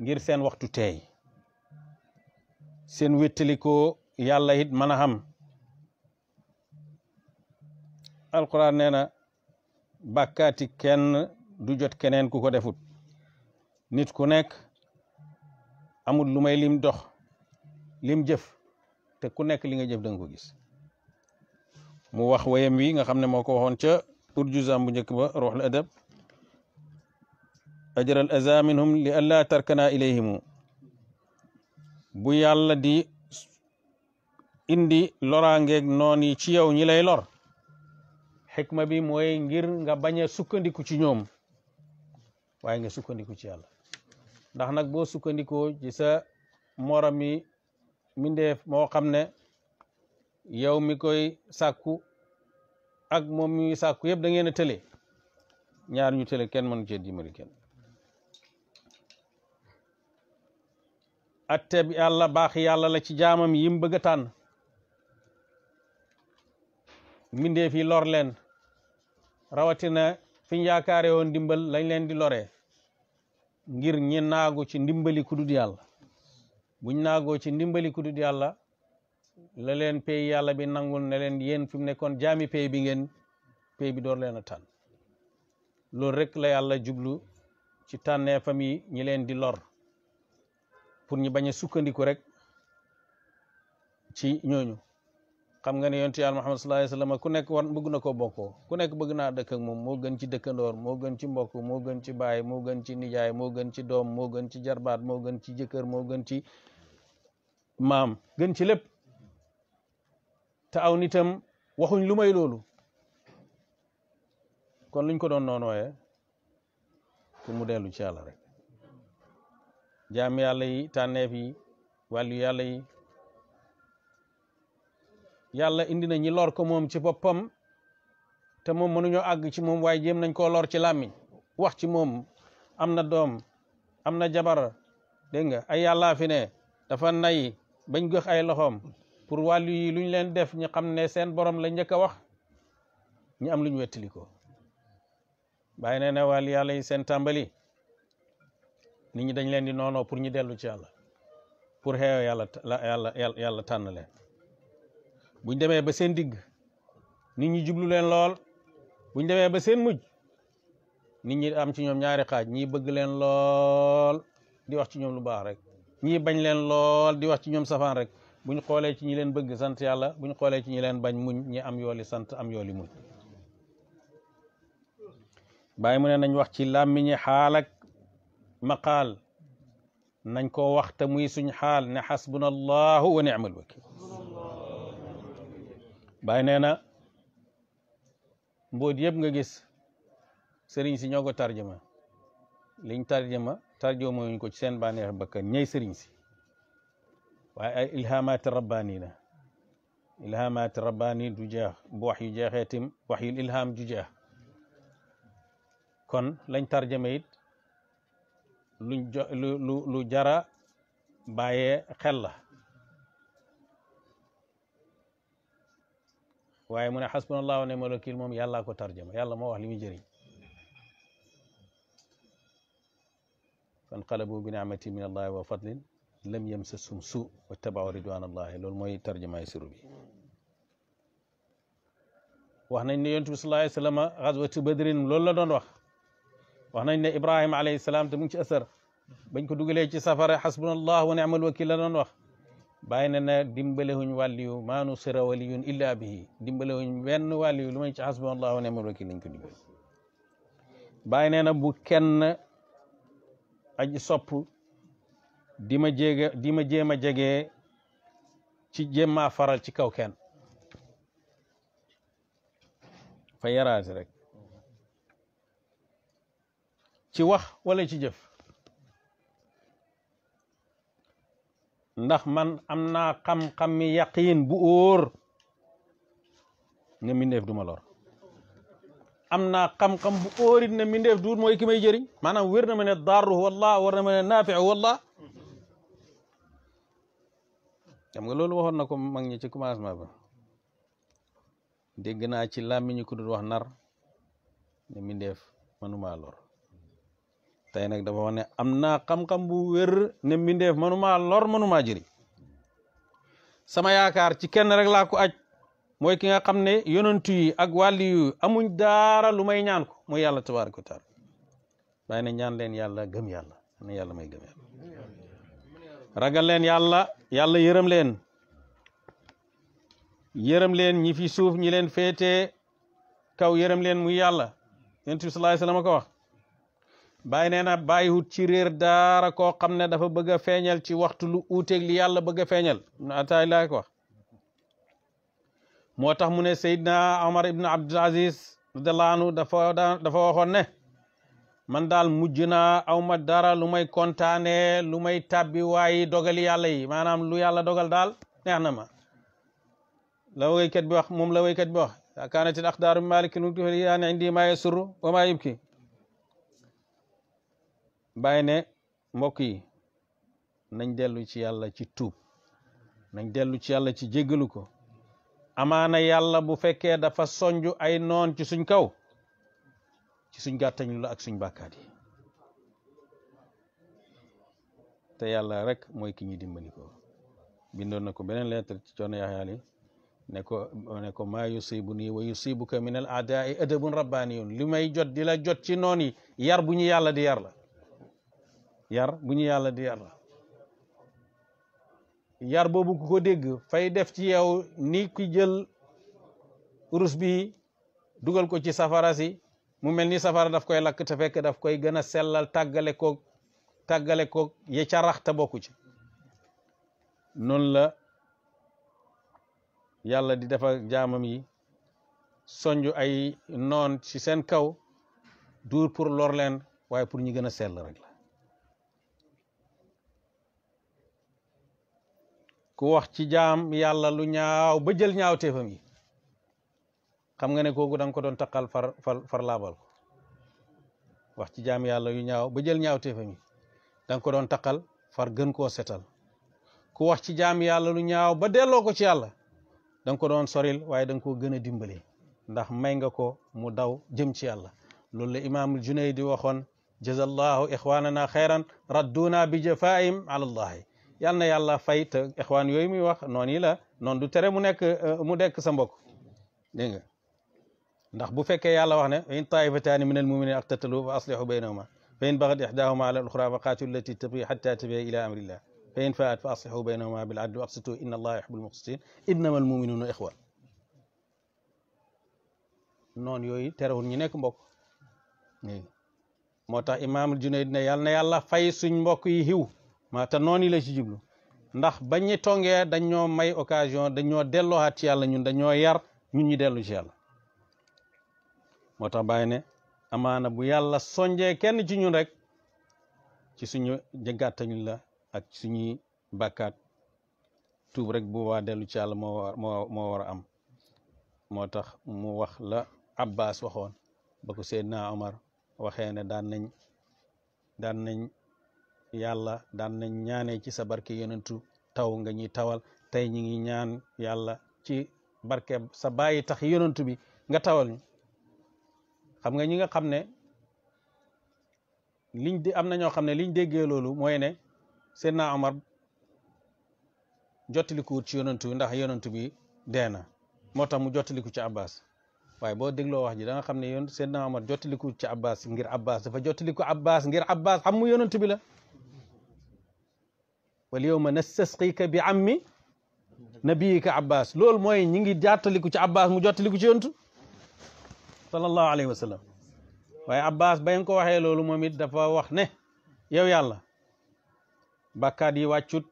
ngir seen waxtu teey seen wéttalikoo yàlla it mën a xam alquran nee na bàkkaati kenn du jot keneen ku ko defut nit ku nekk amut lu may lim dox lim jëf te ku nekk li nga jëf da ko gis mu wax wayam wi nga xam ne moo ko waxoon ca pour juzaam bu njëkk ba ruuxul adab ajral aza minhum li allaa tarkana ilayhimu bu yàlla di indi loraangeeg noon yi ci yow ñi lay lor xikma bi mooy ngir nga bañ a sukkandiku ci ñoom waaye nga sukkandiku ci yàlla ndax nag boo sukkandikoo ci sa morom mi mindeef moo xam ne yow mi koy sàkku ak moom mi sàkku yëpp da ngeen a tële ñaar ñu tële kenn mënu cee dimbali kenn atte bi baax yàlla la ci jaamam yim bëgg a tànn mbindeef yi lor leen rawatina fi ñu woon ndimbal lañ leen di lore ngir ñi naagu ci ndimbali ku dul yàlla buñ naagoo ci ndimbali ku dul yàlla la leen pay yàlla bi nangul ne leen yéen fi mu nekkoon jaami pay bi ngeen pay bi door leen a tànn loolu rek la yàlla jublu ci tànnee fam yi ñi leen di lor pour ñu bañ a sukkandiku rek ci ñooñu xam nga ne yontu yàlla Muhammad sallallahu alayhi wasallam ku nekk war bëgg na ko bokko ku nekk bëgg naa dëkk ak moom moo gën ci dëkkandoor moo gën ci mbokk moo gën ci baay moo gën ci nijaay moo gën ci doom moo gën ci jarbaat moo gën ci jëkkër moo gën ci maam gën ci lépp te aw nitam waxuñ lu may loolu kon luñ ko doon noonooye pour mu dellu ci yàlla rek jaam yàlla yi tànneef yi wàllu yàlla yi yàlla indi na ñi lor ko moom ci boppam te moom mënuñoo àgg ci moom waaye jéem nañ koo lor ci làmmiñ wax ci moom am na doom am na jabar dégg nga ay yàllaa fi ne dafa nay bañ gëx ay loxoom pour wàllu yi lu ñu leen def ñu xam ne seen borom la njëkk a wax ñu am lu ñu wettali ko bàyyi nee na wàllu yàlla yi seen tàmbali nit ñi dañ leen di noonoo pour ñu dellu ci yàlla pour xeeyo yàlla yàlla yàlla tànn leen buñ demee ba seen digg ni ñu jublu leen lool buñ demee ba seen mujj nit ñi am ci ñoom ñaari xaaj ñii bëgg leen lool di wax ci ñoom lu baax rek ñii bañ leen lool di wax ci ñoom safaan rek buñ xoolee ci ñi leen bëgg sant yàlla buñ xoolee ci ñi leen bañ muñ ñi am yooli sant am yooli muñ bàyyi mu ne nañ wax ci làmmiñi xaal ak nañ ko waxta muy suñ xaal ne xasbuna allahu wa ni'mal wakil bàyyi nee na mbóot yëpp nga gis sëriñ si ñoo ko tarjuma liñ tarjuma tarjuma wuñ ko ci seen bànneex bakkan ñey sëriñ si waaye ay ilhamaati rabbaani la ilhamaati rabbaani du jeex bu wax yu jeexee tim wax yu ilham ju jeex kon lañ tarjame it luñ jo lu lu jara bàyyee xel la waaye mu ne xasbunallahu wa ni'mal wakiil moom yàllaa ko tarjama yàlla moo wax li muy jëriñ fan qalabu bi ni'matin min allahi wa fadlin lam yem sa sum su wa tabaw lool mooy tarjumaay suru bi wax nañ ne yontu bi badrin loolu la doon wax wax nañ ne ibrahima alayhi salaam mu ngi ci asar bañ ko dugalee ci safara xasbunallah wa ni'mal wakil la doon wax bàyyi na na dimbalewuñ wàlliyu ma nusira waliyun illa bihi dimbalewuñ benn wàlliyu lu may ci xasbunallah wa ni'mal wakil lañ ko dugal bàyyi nee na bu kenn aji sopp di ma jéege di ma jéem a jege ci jéem faral ci kaw keen fa yaraasi rek ci wax wala ci jëf ndax man am naa xam-xam mi yaqiin bu óor ne mindeef du ma lor am naa xam-xam bu óorit ne mindeef duut mooy ki may jëriñ maanaam wér na ma ne daaru wallah war na ma ne wallah xam nga loolu waxoon na ko mag ñi ci commencement ba dégg naa ci làmmiñu ku dul wax nar ne mbindeef mënumaa lor tey nag dafa wax ne am na xam-xam bu wér ne mbindeef mënumaa lor mënumaa jëriñ sama yaakaar ci kenn rek laa ko aj mooy ki nga xam ne yonantu yi ak wàlli yu amuñ daara lu may ñaan ko mooy yàlla tabaaraka wa taala bàyyi na ñaan leen yàlla gëm yàlla ne yàlla may gëm yàlla ragal leen yàlla yàlla yërëm leen yërëm leen ñifi fi suuf ñi leen féetee kaw yërëm leen mu yàlla yonent bi sallallahu alayhi wasallam ko wax ci réer daara koo xam ne dafa bëgg a feeñal ci waxtu lu uuteeg li yàlla bëgg a feeñal ibnu ataay ko wax moo tax mu ne Seydina Omar ibnu Abdul dafa dafa ne man daal mujj naa aw ma dara lu may kontaane lu may tabbi waayi dogali yàlla yi maanaam lu yàlla dogal daal neex ma la waykat bi wax moom la waykat bi wax kaanatil axdaaru bi malikin an indi ma yasurru wa ma yubki bàyyi ne mbokk yi nañ dellu ci yàlla ci tuub nañ dellu ci yàlla ci jéggalu ko amaana yàlla bu fekkee dafa sonju ay noon ci suñ kaw ci suñ gàttañ lu la ak suñ bàkkaat yi te yàlla rek mooy ki ñuy dimbali ko bindoon na ko beneen lettre ci coono yaxyaal ne ko ne ko maa yusibu nii wa yusibuka min al aadaai adabun rabbaniyun li may jot di la jot ci noon yi yar bu ñu yàlla di yar la yar bu yàlla di yar yar boobu ku ko dégg fay def ci yow ni ki jël urus bi dugal ko ci safara si mu mel ni safara daf koy lakk te fekk daf koy gën a sellal tàggale koog tàggale ko ye ca bokku ci noonu la yàlla di def ak jaamam yi sonju ay noon ci seen kaw duur pour lor leen waaye pour ñu gën a sell rek la ku wax ci jaam yàlla lu ñaaw ba jël ñaaw teefam yi xam nga ne kooku da ko doon taqal far far far laabal ko ci jaam yàlla yu ñaaw ba jël ñaaw teefam yi da ko doon takkal far gën koo setal ku wax ci jaam yàlla lu ñaaw ba delloo ko ci yàlla da ko doon soril waaye da nga koo gën a dimbali ndax may nga ko mu daw jëm ci yàlla loolu la imaamul Junayd di waxoon jazallahu ixwanana xayran radduna bi jafaim ala allahi na yàlla fay te ixwaan yooyu muy wax noonu yi la du tere mu nekk mu dekk sa mbokk ndax bu fekkee yàlla wax ne in taifataani min almuminin aqtatalu fa aslihu baynahuma fa in baxat ixdahuma ala alxura fa qaatilu allati tabgi xatta tabiya ila amrillah fa in faat fa aslihu baynahuma bil adli wa aqsitu inna allaha yuhibbul muqsitin innama almuminuna ixwa yooyu terewul ñu nekk mbokk moo tax imaamul junayd ne yàlla na yàlla fay suñ mbokk yi xiw maa te noonu yi la si jublu ndax bañ ñu tongee dañoo may occasion dañoo delloowaat ci yàlla ñun dañoo yar ñun ñu dellu ci yàlla moo tax bàyyi ne amaana bu yàlla sonjee kenn ci ñun rek ci suñu jëggaatañu la ak suñuy bàkkaat tuub rek bu waa dellu ci yàlla moo war a am moo tax mu wax la abbas waxoon ba ko seydna waxee ne daan nañ daan nañ yàlla daan nañ ñaanee ci sa barke yonentu taw nga ñuy tawal tey ñi ngi ñaan yàlla ci barke sa bàyyi tax yonentu bi nga tawal ñu xam nga ñi nga xam ne liñ di am na ñoo xam ne liñ déggee loolu mooy ne Seydina Omar jottaliku wut ci yonantu bi ndax yonantu bi dee na moo tax mu jottaliku ci Abbas waaye boo dégloo wax ji da nga xam ne yoon Seydina Omar jottaliku ci Abbas ngir Abbas dafa jottaliku Abbas ngir Abbas xam mu yonantu bi la wal yawma nastasqika bi ammi nabiyika Abbas loolu mooy ñi ngi jottaliku ci Abbas mu jottaliku ci yonantu sallallahu alayhi wa sallam waaye abbas ba ko waxee loolu moom it dafa wax ne yow yàlla bàkkaat yi wàccut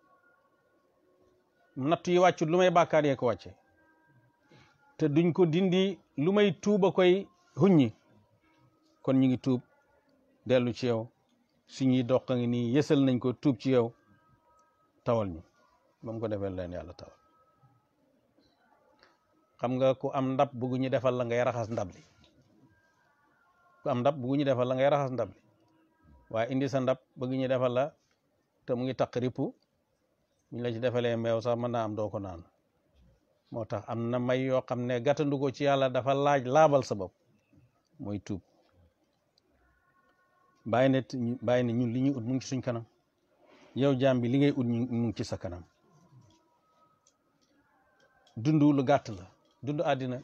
natt yi wàccut lu may bàkkaat yee ko wàcce te duñ ko dindi lu may tuuba koy huññi kon ñu ngi tuub dellu ci yow suñuy dox ngi nii yësal nañ ko tuub ci yow tawal ñu ba mu ko defee leen yàlla tawal xam nga ko am ndab bëgg ñu defal la ngay raxas ndab li ku am ndab bëgg ñu defal la ngay raxas ndab li waaye indi sa ndab bëgg ñu defal la te mu ngi taq la ci defalee meew sax mën naa am doo ko naan moo tax am na may yoo xam ne gàttandu ci yàlla dafa laaj laabal sa bopp mooy tuub bàyyi ne bàyyi ne ñun li ut mu ci suñ kanam yow jaam bi li ngay ut mu ci sa kanam dund lu gàtt la dund àddina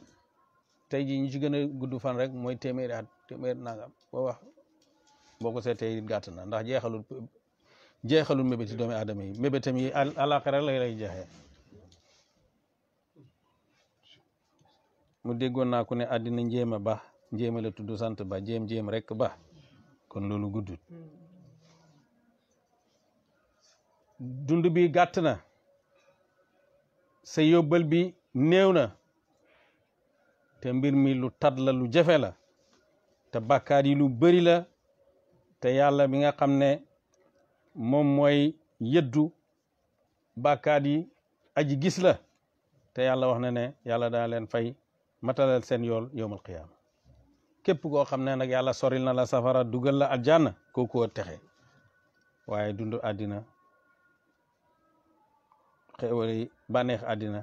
tey jii fan rek mooy téeméeri at téeméer nangam boo wax boo ko seetee it gàtt na ndax jeexalul jeexalul mébéti doomi aadama yi mébétam yi àlaxira lay lay jeexee mu déggoon naa ku ne àddina njéem a ba njéem a la tudd sant ba jéem jéem rek ba kon loolu guddut dund bi gàtt na sa yóbbal bi néew na te mbir mi lu tat la lu jafe la te bàkkaar lu bari la te yàlla mi nga xam ne moom mooy yëddu bàkkaar yi aji gis la te yàlla wax na ne yàlla daa leen fay matalal seen yool yowmal qiyaama képp koo xam ne nag yàlla soril na la safara dugal la aljanna kooku texe waaye dund àddina xéewal yi bànneex àddina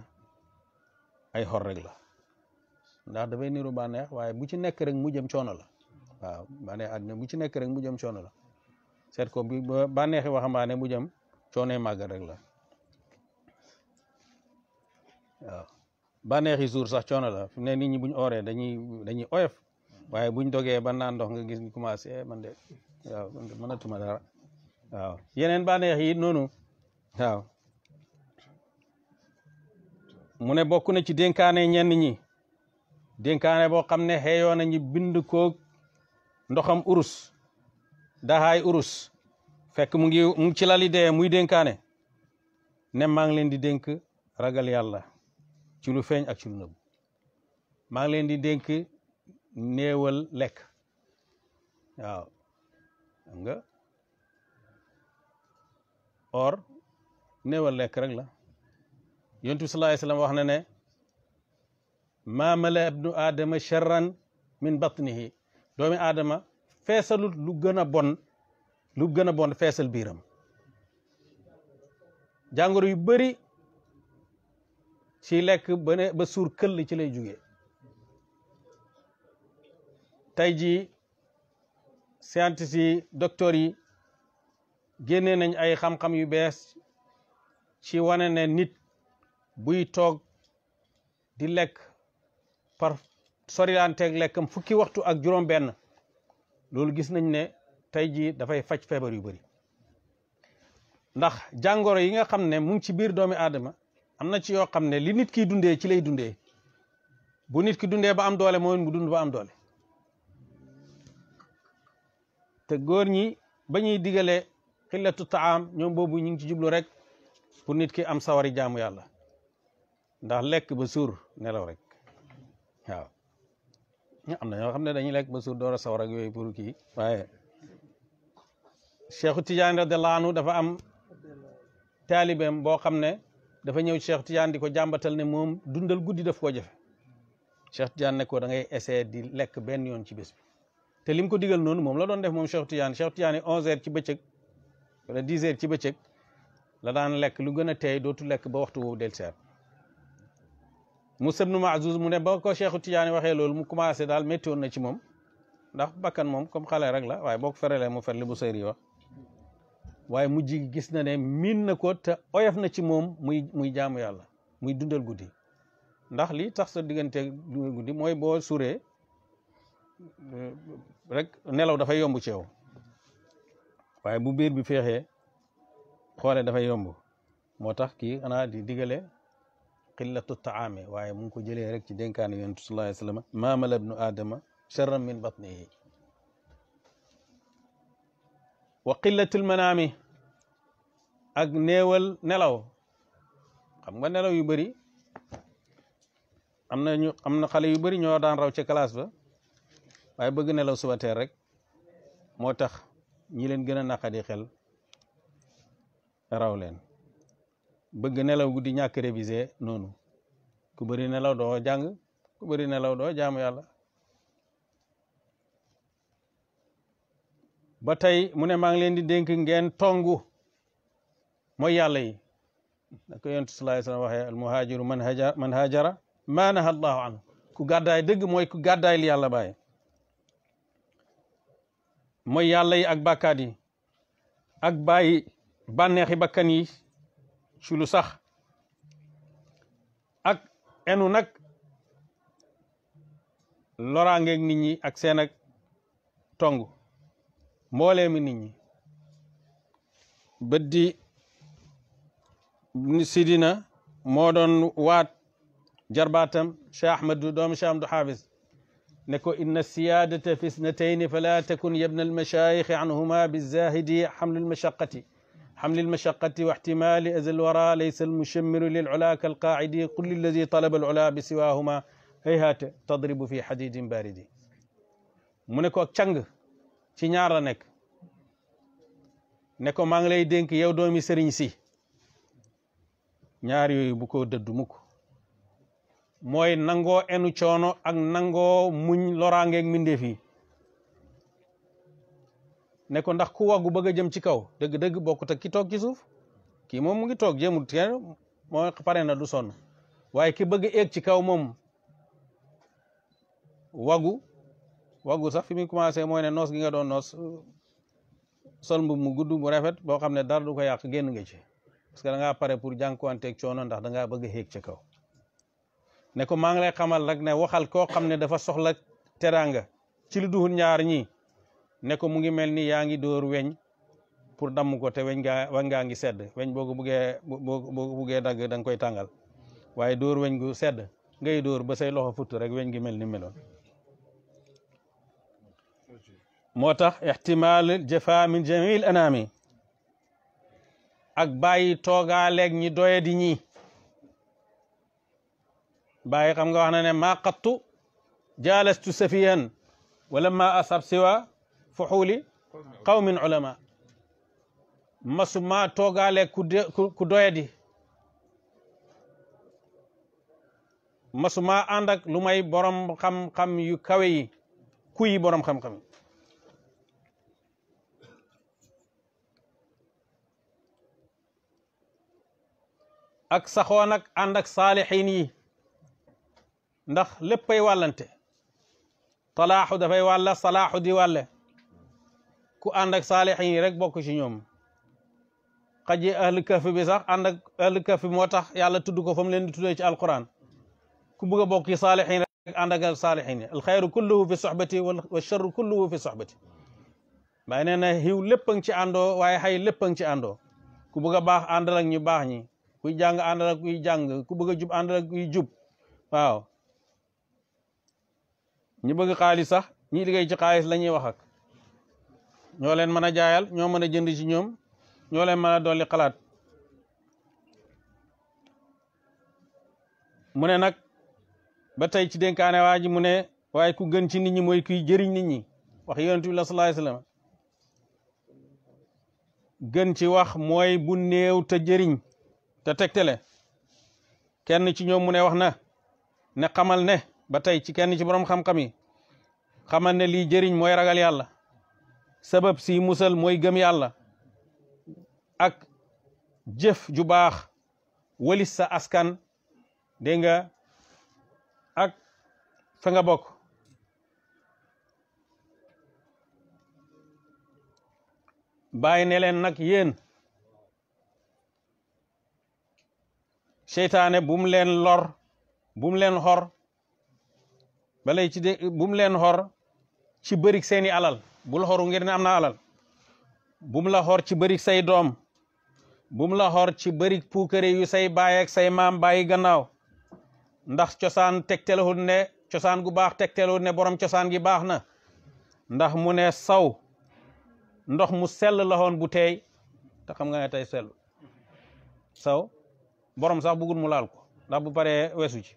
ay xor rek la ndax dafay niru bànneex waaye bu ci nekk rek mu jëm coono la waaw bànneex àddina bu ci nekk rek mu jëm coono la seet ko bi bànneexi waxambaane bu jëm coonoy màggal rek la waaw bànneexi jour sax coono la fi ne nit ñi buñ ooree dañuy dañuy oyof waaye buñ dogee ba naan nga gis ñu commencé man de waaw dara yeneen bànneex yi noonu waaw mu ne bokk na ci dénkaane ñenn ñi dénkaane boo xam ne xeeyoo nañu bind koog ndoxam urus dahaay urus fekk mu ngi mu ngi ci lali muy dénkaane ne maa ngi leen di dénk ragal yàlla ci lu feeñ ak ci lu nëbb maa ngi leen di dénk néewal lekk waaw xam nga or néewal lekk rek la yontu bi sallallahu wax na ne maa mala ibnu aadama charran min batnihi doomi aadama feesalut lu gën a bon lu gën a bon feesal biiram jàngoro yu bari ci lekk ba ne suur këll ci lay jóge tey jii scientifique yi docteur yi génnee nañ ay xam-xam yu bees ci wane ne nit buy toog di lekk lekk lekkam fukki waxtu ak juróom-benn loolu gis nañ ne tey jii dafay faj feebar yu bari ndax jàngoro yi nga xam ne mu ngi ci biir doomi aadama am na ci yoo xam ne li nit kiy dundee ci lay dundee bu nit ki dundee ba am doole mooy mu dund ba am doole te góor ñi ba ñuy digale xillatu taam ñoom boobu ñu ngi ci jublu rek pour nit ki am sawari jaamu yàlla ndax lekk ba suur nelaw rek am na ñoo xam ne dañuy lekk ba suur door a sawar ak yooyu pour kii waaye Cheikhu Tidiane dafa am taalibeem boo xam ne dafa ñëw Cheikh Tidiane di ko jàmbatal ne moom dundal guddi daf koo jafe Cheikh Tidiane ne ko da ngay essayer di lekk benn yoon ci bés bi te lim ko digal noonu moom la doon def moom Cheikh Tidiane Cheikh Tidiane onze heures ci bëccëg wala dix ci bëccëg la daan lekk lu gën a teey dootu lekk ba waxtu woowu del seet mu Musab ibnu Mahzuz mu ne ba ko Cheikhu Tidiane waxee loolu mu commencé daal métti woon na ci moom ndax bakkan moom comme xale rek la waaye book ko ferelee mu fer li bu sëriñ wax waaye mujj gi gis na ne miin na ko te oyof na ci moom muy muy jaamu yàlla muy dundal guddi ndax li tax sa diggante guddi mooy boo suuree eh, rek nelaw dafay yombu ci yow waaye bu biir bi feexee xoole dafay yomb moo tax kii xanaa di digale qillatu taami waaye mu ngi ko jëlee rek ci dénkaane yonent sallallahu alayhi wa sallam maamala ibnu aadama charran min batnihi wa qillatul manaami ak neewal nelaw xam nga nelaw yu bari am na ñu am na xale yu bëri ñoo daan raw ca classe ba waaye bëgg nelaw suba teel rek moo tax ñi leen gën a naqadi xel raw leen bëgg nelaw guddi ñàkk révisé noonu ku bari nelaw doo jàng ku bari nelaw doo jaamu yàlla ba tey mu ne maa ngi leen di dénk ngeen tongu mooy yàlla yi da ko yontu salaay salaam waxee al muhaajiru man haja ku gàddaay dëgg ku gàddaay li yàlla bàyyi mooy yàlla yi ak bàkkaat yi ak bàyyi bànneexi bakkan yi ci lu sax ak enu nag loraangeeg nit ñi ak seen ak tong mboolee mi nit ñi bëddi sidina moo doon waat jarbaatam cheikh ahmadu doomi cheikh ahmadu xaafis ne ko inna siyaadata fi snatayni fala takun yabna almashaayixi anhuma bizahidi xamlu almashaqati حمل المشقة واحتمال أذى الورى ليس المشمر للعلا كالقاعد قل الذي طلب العلا بسواهما هيهات تضرب في حديد بارد mu ne ko ak càng ci ñaar la nekk ne ko maa ngi lay dénk yow doomi sëriñ si ñaar yooyu bu ko dëddu mukk mooy nangoo enu coono ak nangoo muñ loraangeeg mbindeef yi ne ko ndax ku waggu bëgg a jëm ci kaw dëgg-dëgg bokkut ak ki toog ci suuf kii moom mu ngi toog jéemul kenn moo pare na du sonn waaye ki bëgg eeg ci kaw moom waggu waggu sax fi muy commencé mooy ne noos gi nga doon noos sol mbubb mu gudd mu rafet boo xam ne dara du ko yàq génn nga ci parce que da ngaa pare pour jànkuwanteeg coono ndax da ngaa bëgg a xéeg kaw ne ko maa ngi lay xamal rek ne waxal koo xam ne dafa soxla teraanga ci lu duhul ñaar ñi ne ko mu ngi mel ni yaa ngi dóor weñ pour damm ko te weñ ngaa weñ ngi sedd weñ boo ko buggee boo dagg da koy tàngal waaye door weñ gu sedd ngay dóor ba say loxo futt rek weñ gi mel ni meloon moo tax ixtimal jafa jamil anami ak bàyyi toogaaleeg ñi doye di ñi bàyyi xam nga wax na ne maa qattu jaalastu safiyan wala ma asab siwa fuxuuli qawmin ulama masuma toogaale ku doyadi masuma ànd ak lu borom xam-xam yu kawe yi ku yi borom xam-xam yi ak saxoo nag ànd ak yi ndax léppay wàllante talaaxu dafay wàlla salaaxu di wàlle ku ànd ak saalihin yi rek bokk ci ñoom xaji ahlu kahfi bi sax ànd ak ahlu kahfi moo tax yàlla tudd ko fa mu leen di tuddee ci alquran ku bëgg a bokk ci saalihin rek ànd ak saalihin yi alxayru kulluhu fi soxbati wa charru kulluhu fi soxbati mbay nee na xiw lépp a ngi ci àndoo waaye xay lépp a ngi ci àndoo ku bëgg a baax àndal ak ñu baax ñi kuy jàng àndal ak kuy jàng ku bëgg jub àndal ak jub waaw ñi bëgg xaalis sax ñi liggéey ci xaalis la ñuy wax ak ñoo leen mën a jaayal ñoo mën a jënd ci ñoom ñoo leen mën a dolli xalaat mu ne nag ba tey ci dénkaane waa ji mu ne waaye ku gën ci nit ñi mooy kuy jëriñ nit ñi wax yonent bi la sallallahu alayhi gën ci wax mooy bu néew te jëriñ te le kenn ci ñoom mu ne wax na ne xamal ne ba tey ci kenn ci borom xam-xam yi xamal ne lii jëriñ mooy ragal yàlla sabab si musal mooy gëm yàlla ak jëf ju baax walis sa askan dégg ak fa nga bokk bàyyi ne leen nag yéen seytaane bum leen lor bu leen xor balay ci de bu leen xor ci bërik seeni alal bul xoru ngir ne am na alal bum la xor ci bëri say doom bum la xor ci bëri puukare yu say baay say maam bàyyi gannaaw ndax cosaan tegtelahut ne cosaan gu baax tegtelahut ne borom cosaan gi baax na ndax mu ne saw ndox mu sell la woon bu teey te xam nga ne tey sell saw borom sax bëggul mu laal ko ndax bu paree weesu ci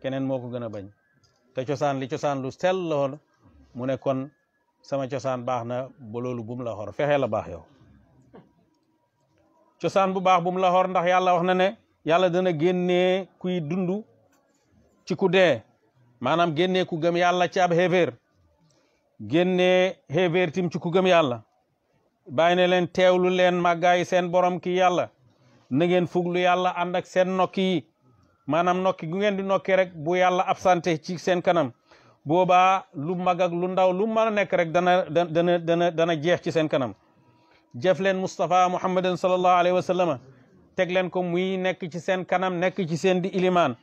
keneen moo ko gën a bañ te cosaan li cosaan lu sell la woon mu ne kon sama cosaan baax na ba loolu bu mu la xor fexee la baax yow cosaan bu baax bu mu la xor ndax yàlla wax na ne yàlla dana génnee kuy dund ci ku dee maanaam génnee ku gëm yàlla ci ab xéeféer génnee xéeféer tim ci ku gëm yàlla baay ne leen teewlu leen màggaayi seen borom ki yàlla na ngeen fuglu yàlla ànd ak seen nokki yi maanaam nokki gu ngeen di nokki rek bu yàlla absente ci seen kanam boobaa lu mag ak lu ndaw lu mën a nekk rek dana dana dana dana jeex ci seen kanam jëf leen Moustapha Muhammadan sallallahu alayhi wa sallam teg leen ko muy nekk ci seen kanam nekk ci seen di ilimaan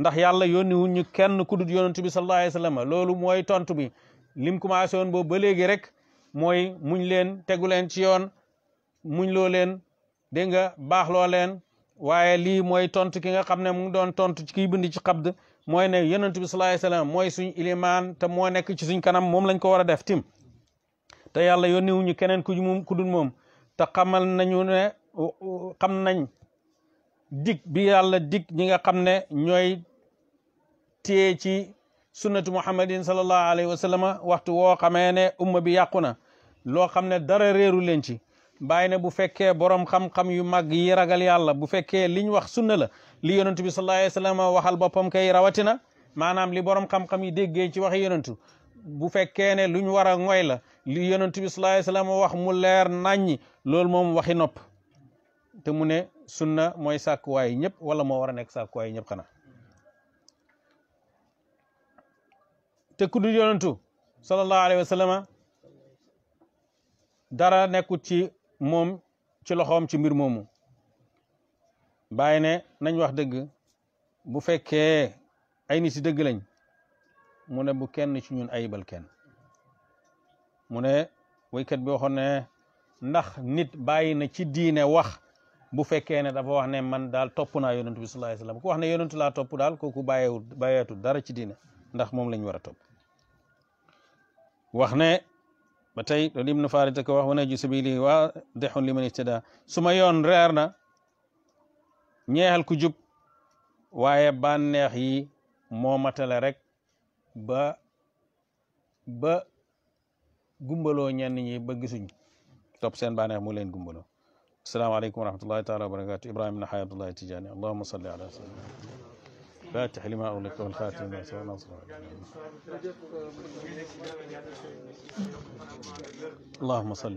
ndax yàlla yónni wuñ ñu kenn ku dul yonent bi sallallahu alayhi wa sallam loolu mooy tontu bi lim commencé woon boobu ba léegi rek mooy muñ leen tegu leen ci yoon muñ loo leen dégg nga baax leen waaye lii mooy tontu ki nga xam ne mu ngi doon tontu ci kiy bind ci xabd mooy ne yonent bi sallallahu alayhi mooy suñ ilimaan te moo nekk ci suñ kanam moom lañ ko war a def tim te yàlla yónni wuñu keneen ku moom ku dul moom te nañu ne xam nañ dig bi yàlla dikk ñi nga xam ne ñooy téye ci sunnatu muhammadin sallallahu alayhi wa sallam waxtu woo xamee ne umma bi yàqu na loo xam ne dara réeru leen bàyyi ne bu fekkee borom xam-xam yu mag yi ragal yàlla bu fekkee liñ wax sunna la li yonentu bi sallallahu waxal boppam kay rawatina maanaam li borom xam-xam yi déggee ci wax yonentu bu fekkee ne luñ war a ngoy la li yonentu bi sallallahu alayhi wa wax mu leer naññi loolu moom waxi nopp te mu ne sunna mooy sàkkuwaay ñëpp wala moo war a nekk sàkkuwaay ñëpp xanaa te ku dul yonentu sallallahu alayhi wa dara nekkut ci moom ci loxoom ci mbir moomu bàyyi ne nañ wax dëgg bu fekkee ay nit si dëgg lañ mu ne bu kenn ci ñun ayibal kenn mu ne waykat bi waxoon ne ndax nit bàyyi na ci diine wax bu fekkee ne dafa wax ne man daal topp naa yonentu bi sallallahu alayhi wasallam ku wax ne yonentu laa topp daal kooku bàyyeewul bàyyeetul dara ci diine ndax moom lañ war a topp wax ne ba tey loolu ibnu Faarita ko wax wa naju sabili waadihun liman suma yoon reer na ñeexal ku jub waaye bànneex yi moo matale rek ba ba gumbaloo ñenn ñi ba gisuñ topp seen bànneex mu leen gumbaloo asalaamaaleykum wa rahmatullahi taala wa barakatu ibrahima na xay abdullahi tijaani allahuma salli ala sayyidina الفاتح لما أغلق والخاتم لما سبق ناصر اللهم صل